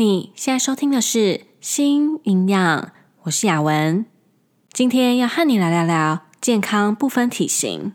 你現在收聽的是《新營養》，我是雅文，今天要和你來聊聊健康不分體型。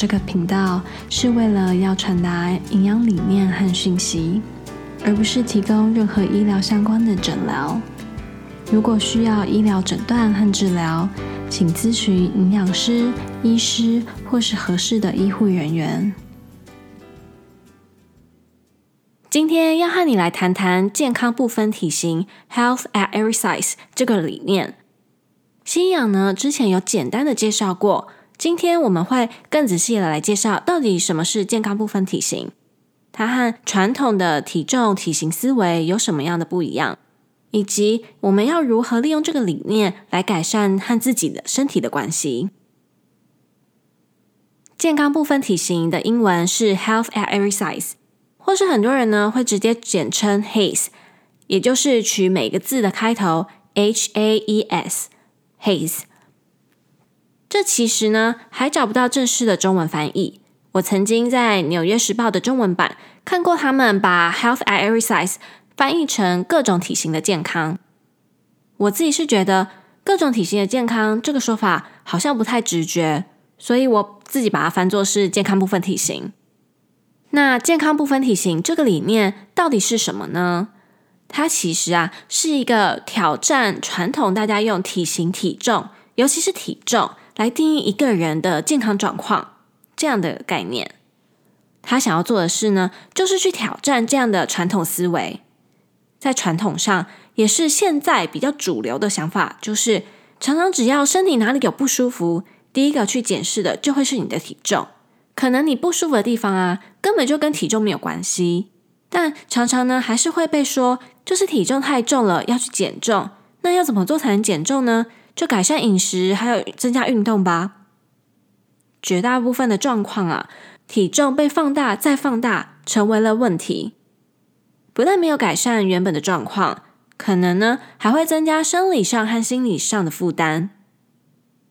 這個頻道是為了要傳達營養理念和訊息，而不是提供任何醫療相關的診療。如果需要醫療診斷和治療，請諮詢營養師、醫師或是合適的醫護人員。今天要和你來談談“健康不分體型 ”（Health at Every Size） 這個理念。新氧呢，之前有簡單的介紹過。今天我們會更仔細的來介紹，到底什麼是健康不分體型，它和傳統的體重體型思維有什麼樣的不一樣，以及我們要如何利用這個理念來改善和自己的身體的關係。健康不分體型的英文是 Health at Every Size，或是很多人呢會直接簡稱 HAES，也就是取每個字的開頭 H A E S HAES。這其實呢，還找不到正式的中文翻譯。我曾經在《紐約時報》的中文版看過他們把 “health at every size” 翻譯成“各種體型的健康”。我自己是覺得“各種體型的健康”這個說法好像不太直覺，所以我自己把它翻作是“健康不分體型”。那“健康不分體型”這個理念到底是什麼呢？它其實啊，是一個挑戰傳統，大家用體型、體重，尤其是體重。來定義一個人的健康狀況這樣的概念，他想要做的事呢，就是去挑戰這樣的傳統思維。在傳統上，也是現在比較主流的想法，就是常常只要身體哪裡有不舒服，第一個去檢視的就會是你的體重。可能你不舒服的地方啊，根本就跟體重沒有關係，但常常呢，還是會被說就是體重太重了，要去減重。那要怎麼做才能減重呢？就改善飲食，還有增加運動吧。絕大部分的狀況啊，體重被放大再放大，成為了問題。不但沒有改善原本的狀況，可能呢還會增加生理上和心理上的負擔。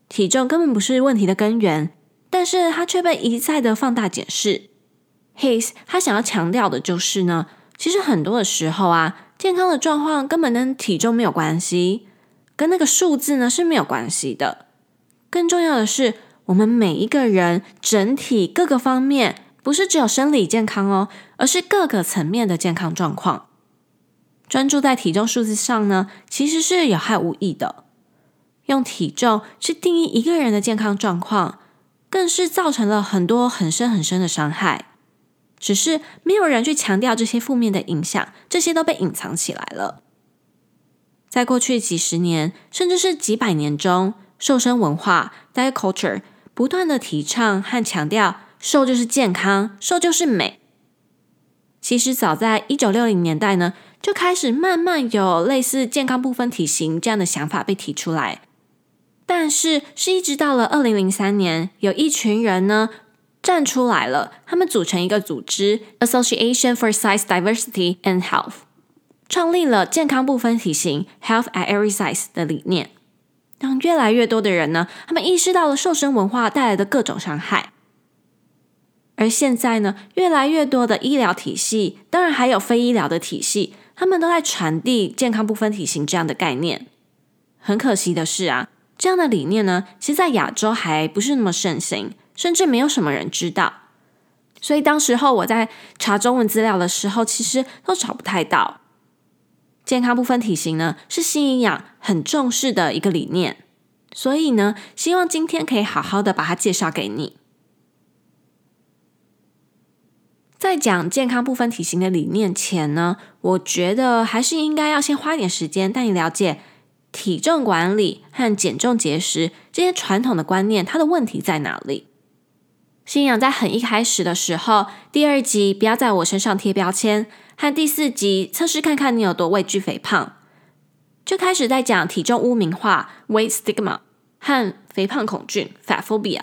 體重根本不是問題的根源，但是它卻被一再的放大解釋。HAES 他想要強調的就是呢，其實很多的時候啊，健康的狀況根本跟體重沒有關係。跟那個數字呢是沒有關係的。更重要的是，我們每一個人整體各個方面，不是只有生理健康哦，而是各個層面的健康狀況。專注在體重數字上呢，其實是有害無益的。用體重去定義一個人的健康狀況，更是造成了很多很深很深的傷害。只是沒有人去強調這些負面的影響，這些都被隱藏起來了。在過去幾十年，甚至是幾百年中，瘦身文化 （diet culture） 不斷地提倡和強調，瘦就是健康，瘦就是美。其實早在一九六零年代呢，就開始慢慢有類似“健康不分體型”這樣的想法被提出來。但是，是一直到了二零零三年，有一群人呢站出來了，他們組成一個組織 ——Association for Size Diversity and Health。創立了“健康不分體型 ”（Health at Every Size） 的理念，讓越來越多的人呢，他們意識到了瘦身文化帶來的各種傷害。而現在呢，越來越多的醫療體系，當然還有非醫療的體系，他們都在傳遞“健康不分體型”這樣的概念。很可惜的是啊，這樣的理念呢，其實在亞洲還不是那麼盛行，甚至沒有什麼人知道。所以當時候我在查中文資料的時候，其實都找不太到。健康不分體型呢，是新營養很重視的一個理念，所以呢，希望今天可以好好的把它介紹給你。在講健康不分體型的理念前呢，我覺得還是應該要先花一點時間帶你了解體重管理和減重節食這些傳統的觀念，它的問題在哪裡。信仰在很一開始的時候，第二集不要在我身上貼標籤，和第四集測試看看你有多畏懼肥胖，就開始在講體重污名化 （weight stigma） 和肥胖恐懼 （fat phobia）。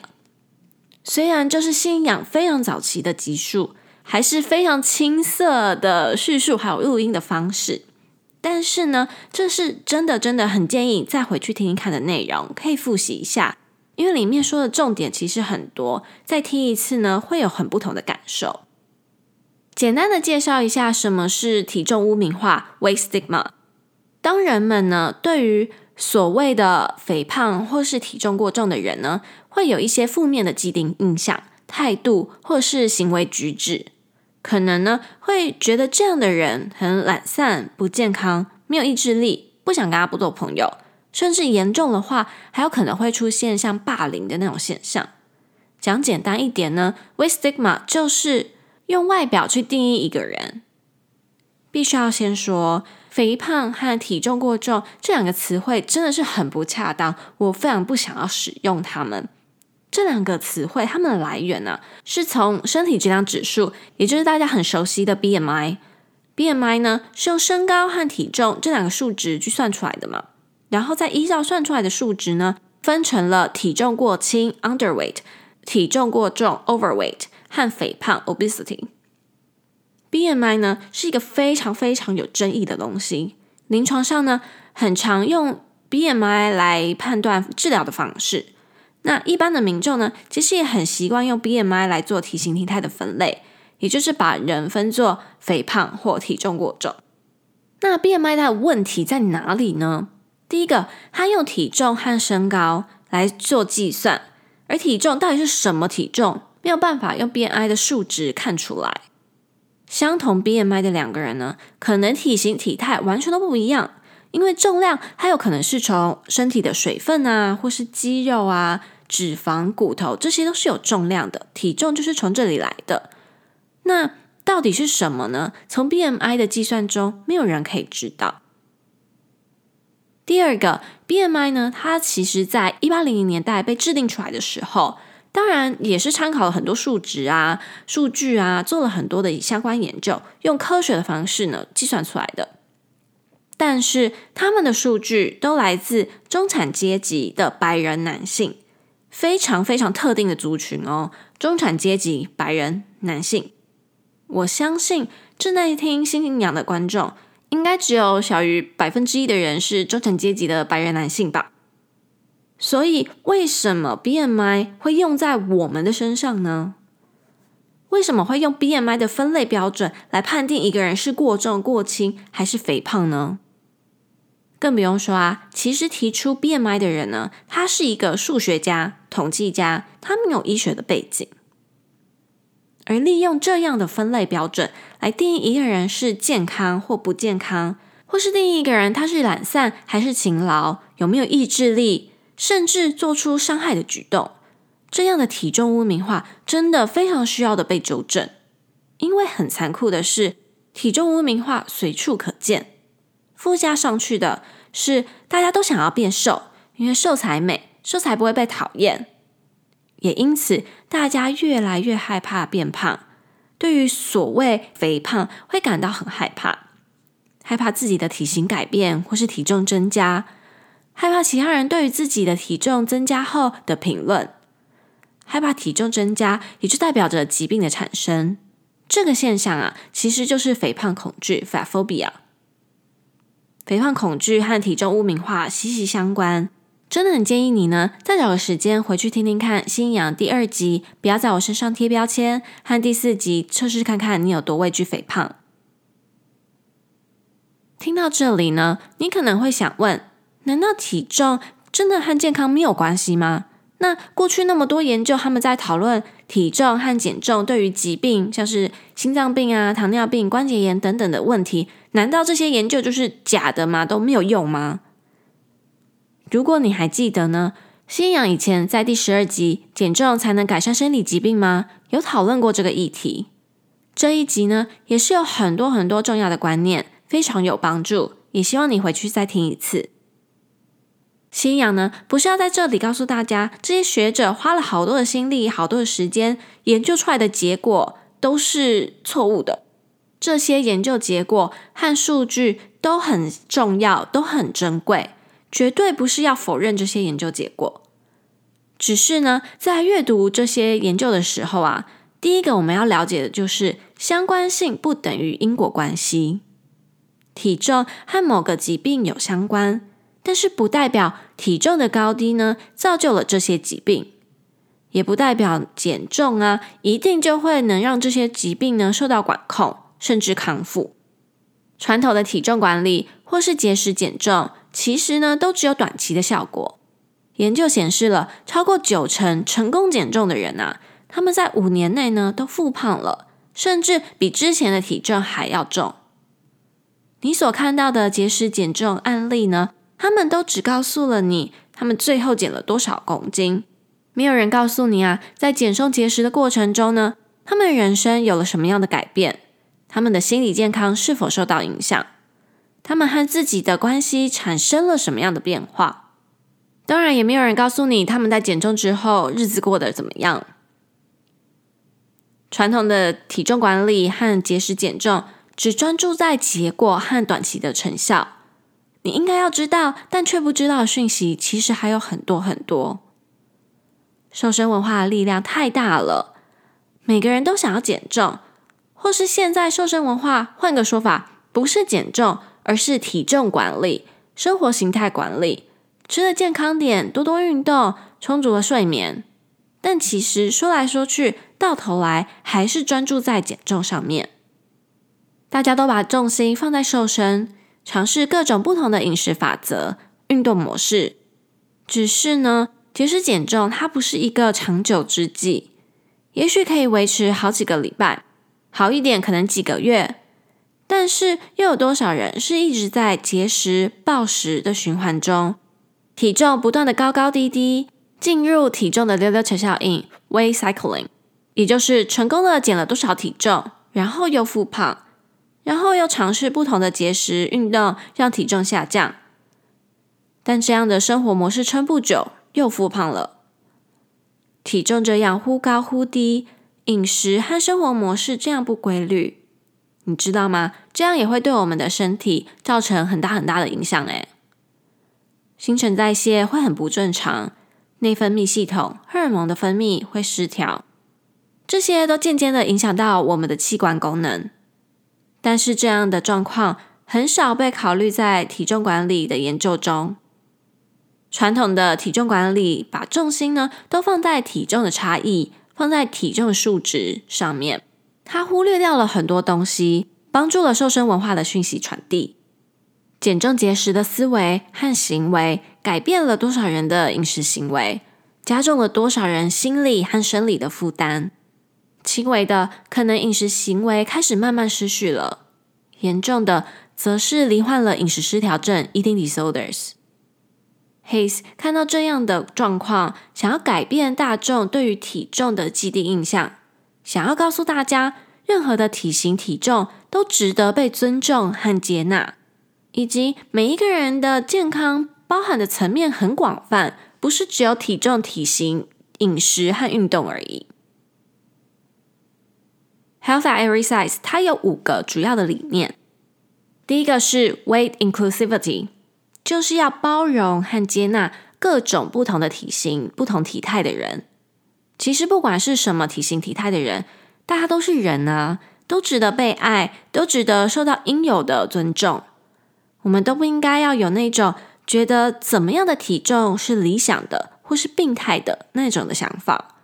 雖然這是信仰非常早期的集數，還是非常青澀的敘述，還有錄音的方式，但是呢，這是真的真的很建議再回去聽聽看的內容，可以複習一下。因為裡面說的重點，其實很多，再聽一次呢，會有很不同的感受。簡單的介紹一下什麼是體重污名化 （weight stigma）。當人們呢對於所謂的肥胖或是體重過重的人呢，會有一些負面的既定印象、態度或是行為舉止，可能呢會覺得這樣的人很懶散、不健康、沒有意志力，不想跟他不做朋友。甚至嚴重的話，還有可能會出現像霸凌的那種現象。講簡單一點呢，weight stigma 就是用外表去定義一個人。必須要先說，肥胖和體重過重這兩個詞彙真的是很不恰當。我非常不想要使用它們這兩個詞彙。它們的來源呢、啊，是從身體質量指數，也就是大家很熟悉的 BMI。BMI 呢，是用身高和體重這兩個數值去算出來的嘛。然後再依照算出來的數值呢，分成了體重過輕 （underweight）、Under weight，體重過重 （overweight） 和肥胖 （obesity）。BMI Ob 呢是一個非常非常有爭議的東西。臨床上呢很常用 BMI 來判斷治療的方式。那一般的民眾呢其實也很習慣用 BMI 來做體型體態，態的分類，也就是把人分作肥胖或體重過重。那 BMI 它的問題在哪裡呢？第一個，他用體重和身高來做計算，而體重到底是什麼體重？沒有辦法用 BMI 的數值看出來。相同 BMI 的兩個人呢，可能體型體態完全都不一樣，因為重量還有可能是從身體的水分啊，或是肌肉啊、脂肪、骨頭，這些都是有重量的，體重就是從這裡來的。那到底是什麼呢？從 BMI 的計算中，沒有人可以知道。第二個 BMI 呢，它其實在一八零零年代被制定出來的時候，當然也是參考了很多數值啊、數據啊，做了很多的相關研究，用科學的方式呢計算出來的。但是他們的數據都來自中產階級的白人男性，非常非常特定的族群哦——中產階級白人男性。我相信正在聽《新營養》的觀眾。應該只有小於百分之一的人是中產階級的白人男性吧。所以，為什麼 BMI 會用在我們的身上呢？為什麼會用 BMI 的分類標準來判定一個人是過重、過輕還是肥胖呢？更不用說啊，其實提出 BMI 的人呢，他是一個數學家、統計家，他沒有醫學的背景。而利用這樣的分類標準來定義一個人是健康或不健康，或是定義一個人他是懶散還是勤勞，有沒有意志力，甚至做出傷害的舉動，這樣的體重污名化，真的非常需要的被糾正。因為很殘酷的是，體重污名化，隨處可見，附加上去的是大家都想要變瘦，因為瘦才美，瘦才不會被討厭。也因此，大家越來越害怕變胖，對於所謂肥胖會感到很害怕，害怕自己的體型改變或是體重增加，害怕其他人對於自己的體重增加後的評論，害怕體重增加也就代表着疾病的產生。這個現象啊，其實就是肥胖恐懼 （Fat phobia）。肥胖恐懼和體重污名化息息相關。真的很建議你呢，再找個時間回去聽聽看《新仰》第二集，不要在我身上貼標籤，和第四集測試看看你有多畏懼肥胖。聽到這裡呢，你可能會想問：難道體重真的和健康沒有關係嗎？那過去那麼多研究，他們在討論體重和減重對於疾病，像是心臟病啊、糖尿病、關節炎等等的問題，難道這些研究就是假的嗎？都沒有用嗎？如果你還記得呢，雅雯以前在第十二集減重才能改善生理疾病嗎？有討論過這個議題。這一集呢，也是有很多很多重要的觀念，非常有幫助，也希望你回去再聽一次。雅雯呢，不是要在這裡告訴大家，這些學者花了好多的心力、好多的時間研究出來的結果都是錯誤的。這些研究結果和數據都很重要，都很珍貴。絕對不是要否認這些研究結果，只是呢，在閱讀這些研究的時候啊，第一個我們要了解的就是相關性不等於因果關係。體重和某個疾病有相關，但是不代表體重的高低呢造就了這些疾病，也不代表減重啊一定就會能讓這些疾病呢受到管控，甚至康復。傳統的體重管理或是節食減重，其實呢，都只有短期的效果。研究顯示了，超過九成成功減重的人啊，他們在五年內呢都復胖了，甚至比之前的體重還要重。你所看到的節食減重案例呢，他們都只告訴了你他們最後減了多少公斤，沒有人告訴你啊，在減重節食的過程中呢，他們人生有了什麼樣的改變，他們的心理健康是否受到影響。他們和自己的關係產生了什麼樣的變化？當然，也沒有人告訴你他們在減重之後日子過得怎麼樣。傳統的體重管理和節食減重只專注在結果和短期的成效。你應該要知道，但卻不知道的訊息其實還有很多很多。瘦身文化的力量太大了，每個人都想要減重，或是現在瘦身文化換個說法，不是減重。而是體重管理、生活形態管理、吃得健康點、多多運動、充足的睡眠。但其實說來說去，到頭來還是專注在減重上面。大家都把重心放在瘦身，嘗試各種不同的飲食法則、運動模式。只是呢，節食減重它不是一個長久之計，也許可以維持好幾個禮拜，好一點可能幾個月。但是又有多少人是一直在節食暴食的循環中，體重不斷的高高低低，進入體重的溜溜球效應 w cycling），也就是成功的減了多少體重，然後又復胖，然後又嘗試不同的節食運動讓體重下降，但這樣的生活模式撐不久，又復胖了，體重這樣忽高忽低，飲食和生活模式這樣不規律。你知道嗎？這樣也會對我們的身體造成很大很大的影響。哎，新陳代謝會很不正常，內分泌系統、荷爾蒙的分泌會失調，這些都間接的影響到我們的器官功能。但是這樣的狀況很少被考慮在體重管理的研究中。傳統的體重管理把重心呢都放在體重的差異，放在體重數值上面。他忽略掉了很多東西，幫助了瘦身文化的訊息傳遞。減重節食的思維和行為，改變了多少人的飲食行為，加重了多少人心理和生理的負擔。輕微的，可能飲食行為開始慢慢失序了；嚴重的，則是罹患了飲食失調症 （eating disorders）。Hayes 看到這樣的狀況，想要改變大眾對於體重的既定印象。想要告訴大家，任何的體型、體重都值得被尊重和接納，以及每一個人的健康包含的層面很廣泛，不是只有體重、體型、飲食和運動而已。Health at Every Size 它有五個主要的理念，第一個是 Weight Inclusivity，就是要包容和接納各種不同的體型、不同體態的人。其實，不管是什麼體型體態的人，大家都是人啊，都值得被愛，都值得受到應有的尊重。我們都不應該要有那種覺得怎麼樣的體重是理想的，或是病態的那種的想法。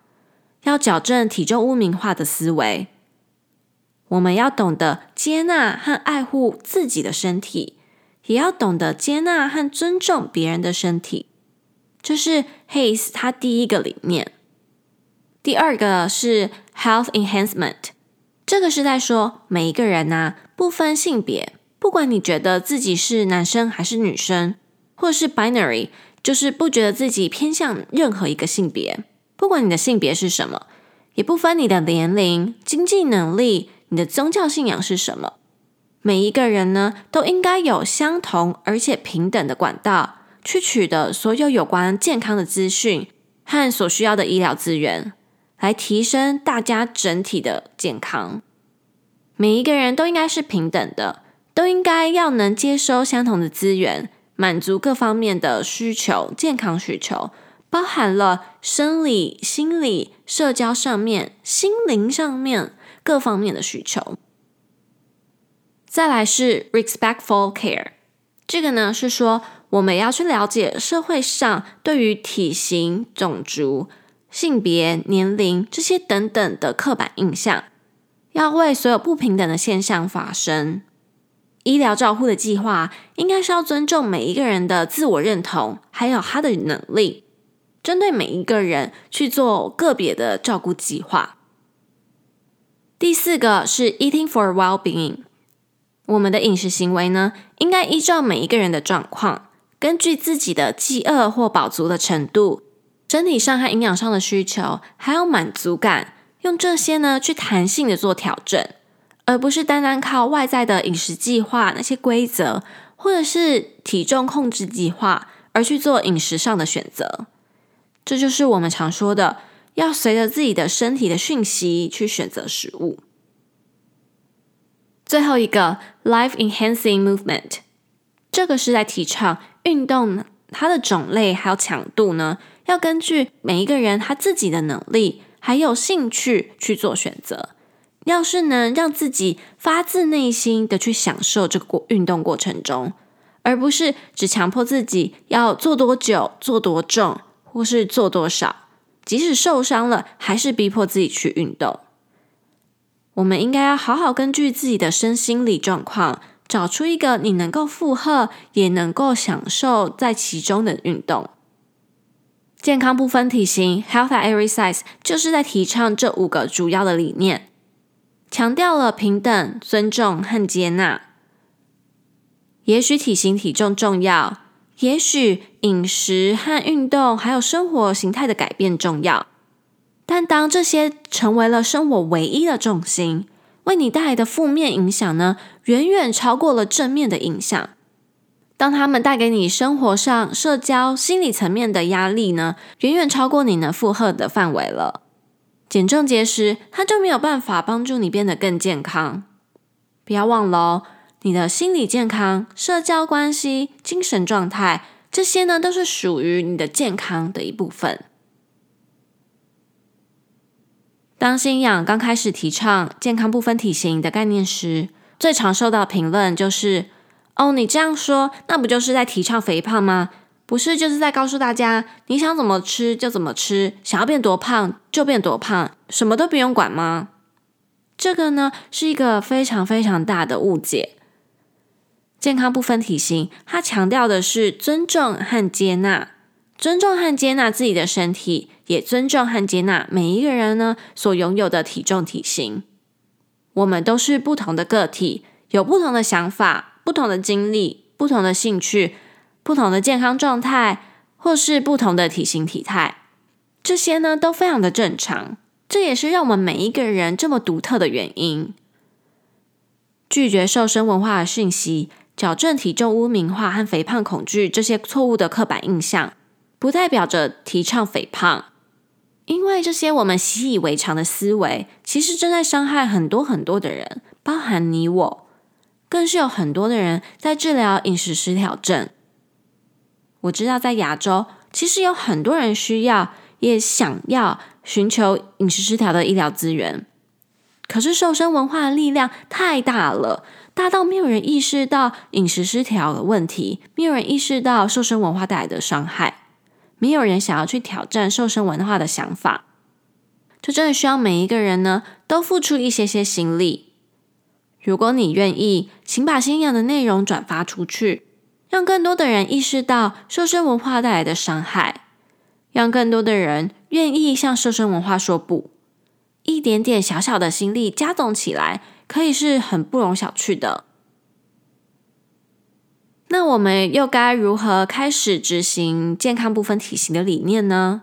要矯正體重污名化的思維，我們要懂得接納和愛護自己的身體，也要懂得接納和尊重別人的身體。這是 HAES 他第一個理念。第二個是 health enhancement，這個是在說每一個人吶、啊，不分性別，不管你覺得自己是男生還是女生，或是 binary，就是不覺得自己偏向任何一個性別，不管你的性別是什麼，也不分你的年齡、經濟能力、你的宗教信仰是什麼，每一個人呢，都應該有相同而且平等的管道，去取得所有有關健康的資訊和所需要的醫療資源。來提升大家整體的健康。每一個人都應該是平等的，都應該要能接收相同的資源，滿足各方面的需求。健康需求包含了生理、心理、社交上面、心靈上面各方面的需求。再來是 respectful care，這個呢是說我們要去了解社會上對於體型、種族。性別、年齡這些等等的刻板印象，要為所有不平等的現象發聲。醫療照護的計劃應該是要尊重每一個人的自我認同，還有他的能力，針對每一個人去做個別的照顧計劃。第四個是 Eating for Well-being，我們的飲食行為呢，應該依照每一個人的狀況，根據自己的飢餓或飽足的程度，身體上和營養上的需求，還有滿足感，用這些呢去彈性的做調整，而不是單單靠外在的飲食計劃那些規則，或者是體重控制計劃而去做飲食上的選擇。這就是我們常說的，要隨着自己的身體的訊息去選擇食物。最後一個 Life Enhancing Movement，這個是在提倡運動，它的種類還有強度呢。要根據每一個人他自己的能力還有興趣去做選擇。要是能讓自己發自內心的去享受這個過運動過程中，而不是只強迫自己要做多久、做多重或是做多少，即使受傷了還是逼迫自己去運動。我們應該要好好根據自己的身心理狀況，找出一個你能夠負荷也能夠享受在其中的運動。健康不分體型，Health at Every Size，就是在提倡這五個主要的理念，強調了平等、尊重和接納。也許體型、體重重要，也許飲食和運動，還有生活形態的改變重要，但當這些成為了生活唯一的重心，為你帶來的負面影響呢，遠遠超過了正面的影響。當他們帶給你生活上、社交、心理層面的壓力呢，遠遠超過你能負荷的範圍了。減重節食，它就沒有辦法幫助你變得更健康。不要忘了哦，你的心理健康、社交關係、精神狀態，這些呢，都是屬於你的健康的一部分。當新氧剛開始提倡健康不分體型的概念時，最常受到評論就是。哦，oh, 你這樣說，那不就是在提倡肥胖嗎？不是，就是在告訴大家，你想怎麼吃就怎麼吃，想要變多胖就變多胖，什麼都不用管嗎？這個呢，是一個非常非常大的誤解。健康不分體型，它強調的是尊重和接納，尊重和接納自己的身體，也尊重和接納每一個人呢所擁有的體重體型。我們都是不同的個體，有不同的想法。不同的經歷、不同的興趣、不同的健康狀態，或是不同的體型體態，這些呢都非常的正常，這也是讓我們每一個人這麼獨特的原因。拒絕瘦身文化的訊息，矯正體重污名化和肥胖恐懼這些錯誤的刻板印象，不代表着提倡肥胖，因為這些我們習以為常的思維，其實正在傷害很多很多的人，包含你我。更是有很多的人在治療飲食失調症。我知道在亞洲，其實有很多人需要，也想要尋求飲食失調的醫療資源。可是瘦身文化的力量太大了，大到沒有人意識到飲食失調的問題，沒有人意識到瘦身文化帶來的傷害，沒有人想要去挑戰瘦身文化的想法。就真的需要每一個人呢，都付出一些些心力。如果你願意，請把新陽的內容轉發出去，讓更多的人意識到瘦身文化帶來的傷害，讓更多的人願意向瘦身文化說不。一點點小小的心力加總起來，可以是很不容小覷的。那我們又該如何開始執行健康不分體型的理念呢？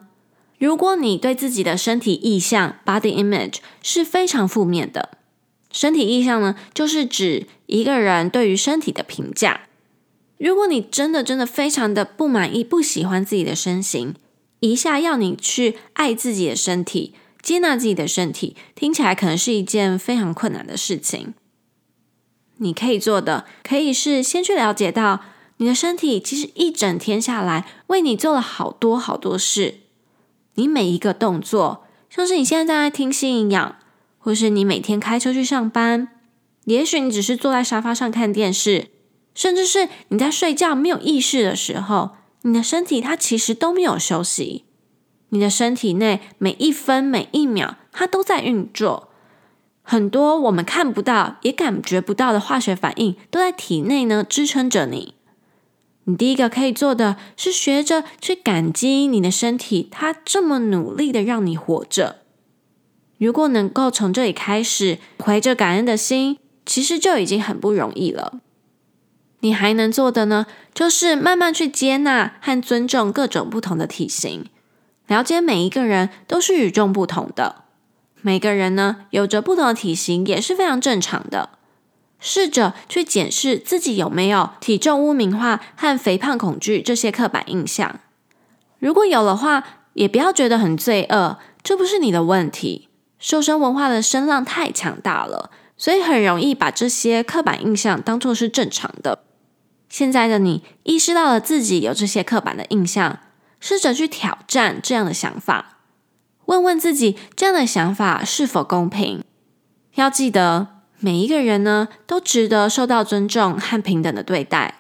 如果你對自己的身體意象 （body image） 是非常負面的，身體意象呢，就是指一個人對於身體的評價。如果你真的真的非常的不滿意、不喜歡自己的身形，一下要你去愛自己的身體、接納自己的身體，聽起來可能是一件非常困難的事情。你可以做的，可以是先去了解到，你的身體其實一整天下來為你做了好多好多事。你每一個動作，像是你現在在聽信一樣。或是你每天開車去上班，也許你只是坐在沙發上看電視，甚至是你在睡覺沒有意識的時候，你的身體它其實都沒有休息。你的身體內每一分每一秒，它都在運作，很多我們看不到也感覺不到的化學反應，都在體內呢支撐着你。你第一個可以做的是學着去感激你的身體，它這麼努力的讓你活着。如果能夠從這裡開始，懷着感恩的心，其實就已經很不容易了。你還能做的呢，就是慢慢去接納和尊重各種不同的體型，了解每一個人都是與眾不同的。每個人呢，有着不同的體型也是非常正常的。試着去檢視自己有沒有體重污名化和肥胖恐懼這些刻板印象，如果有的話，也不要覺得很罪惡，這不是你的問題。瘦身文化的聲浪太強大了，所以很容易把這些刻板印象當作是正常的。現在的你意識到了自己有這些刻板的印象，試着去挑戰這樣的想法，問問自己這樣的想法是否公平。要記得，每一個人呢，都值得受到尊重和平等的對待。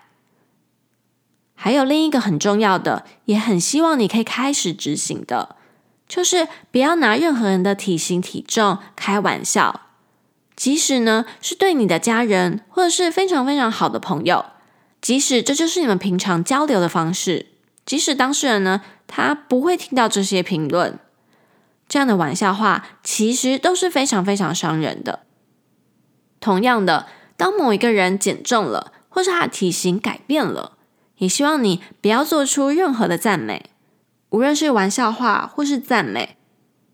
還有另一個很重要的，也很希望你可以開始執行的，就是不要拿任何人的體型、體重開玩笑，即使呢是對你的家人，或者是非常非常好的朋友，即使這就是你們平常交流的方式，即使當事人呢他不會聽到這些評論，這樣的玩笑話其實都是非常非常傷人的。同樣的，當某一個人減重了，或是他的體型改變了，也希望你不要做出任何的讚美。無論是玩笑話或是讚美，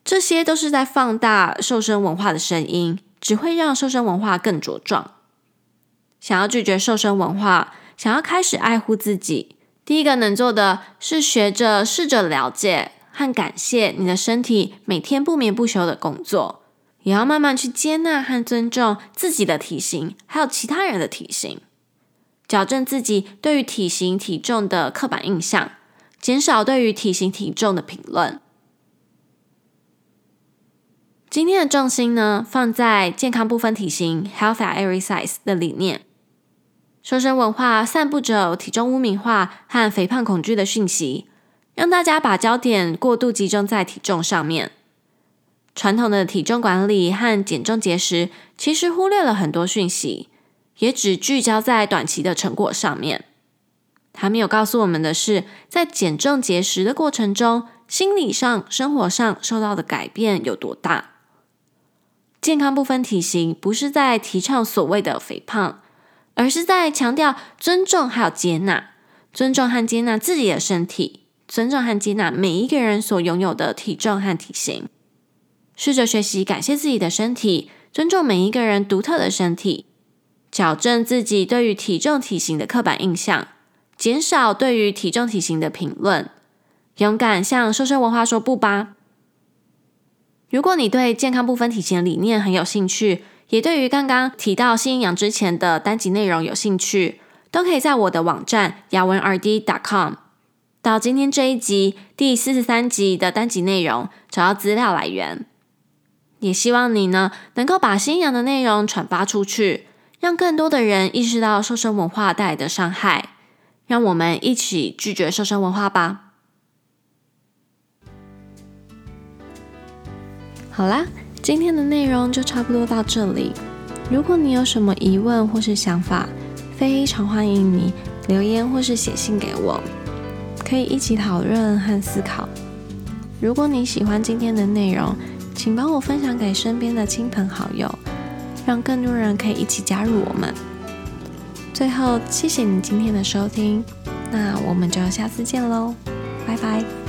這些都是在放大瘦身文化的聲音，只會讓瘦身文化更茁壯。想要拒絕瘦身文化，想要開始愛護自己，第一個能做的，是學着試着了解和感謝你的身體每天不眠不休的工作，也要慢慢去接納和尊重自己的體型，還有其他人的體型，矯正自己對於體型、體重的刻板印象。減少對於體型體重的評論。今天的重心呢，放在健康不分體型 Health at Every Size 的理念。瘦身文化散布着體重污名化和肥胖恐懼的訊息，讓大家把焦點過度集中在體重上面。傳統的體重管理和減重節食，其實忽略了很多訊息，也只聚焦在短期的成果上面。他沒有告訴我們的是，在減重節食的過程中，心理上、生活上受到的改變有多大。健康不分體型，不是在提倡所謂的肥胖，而是在強調尊重還有接納，尊重和接納自己的身體，尊重和接納每一個人所擁有的體重和體型。試着學習感謝自己的身體，尊重每一個人獨特的身體，矯正自己對於體重體型的刻板印象。減少對於體重體型的評論，勇敢向瘦身文化說不吧！如果你對健康不分體型的理念很有興趣，也對於剛剛提到新營養之前的單集內容有興趣，都可以在我的網站 yawenrd.com 到今天這一集第四十三集的單集內容找到資料來源。也希望你呢能夠把新營養的內容傳发出去，讓更多的人意識到瘦身文化帶來的傷害。讓我們一起拒絕瘦身文化吧！好啦，今天的內容就差不多到這裡。如果你有什麼疑問或是想法，非常歡迎你留言或是寫信給我，可以一起討論和思考。如果你喜歡今天的內容，請幫我分享給身邊的親朋好友，讓更多人可以一起加入我們。最後，謝謝你今天的收聽，那我們就下次見嘍，拜拜。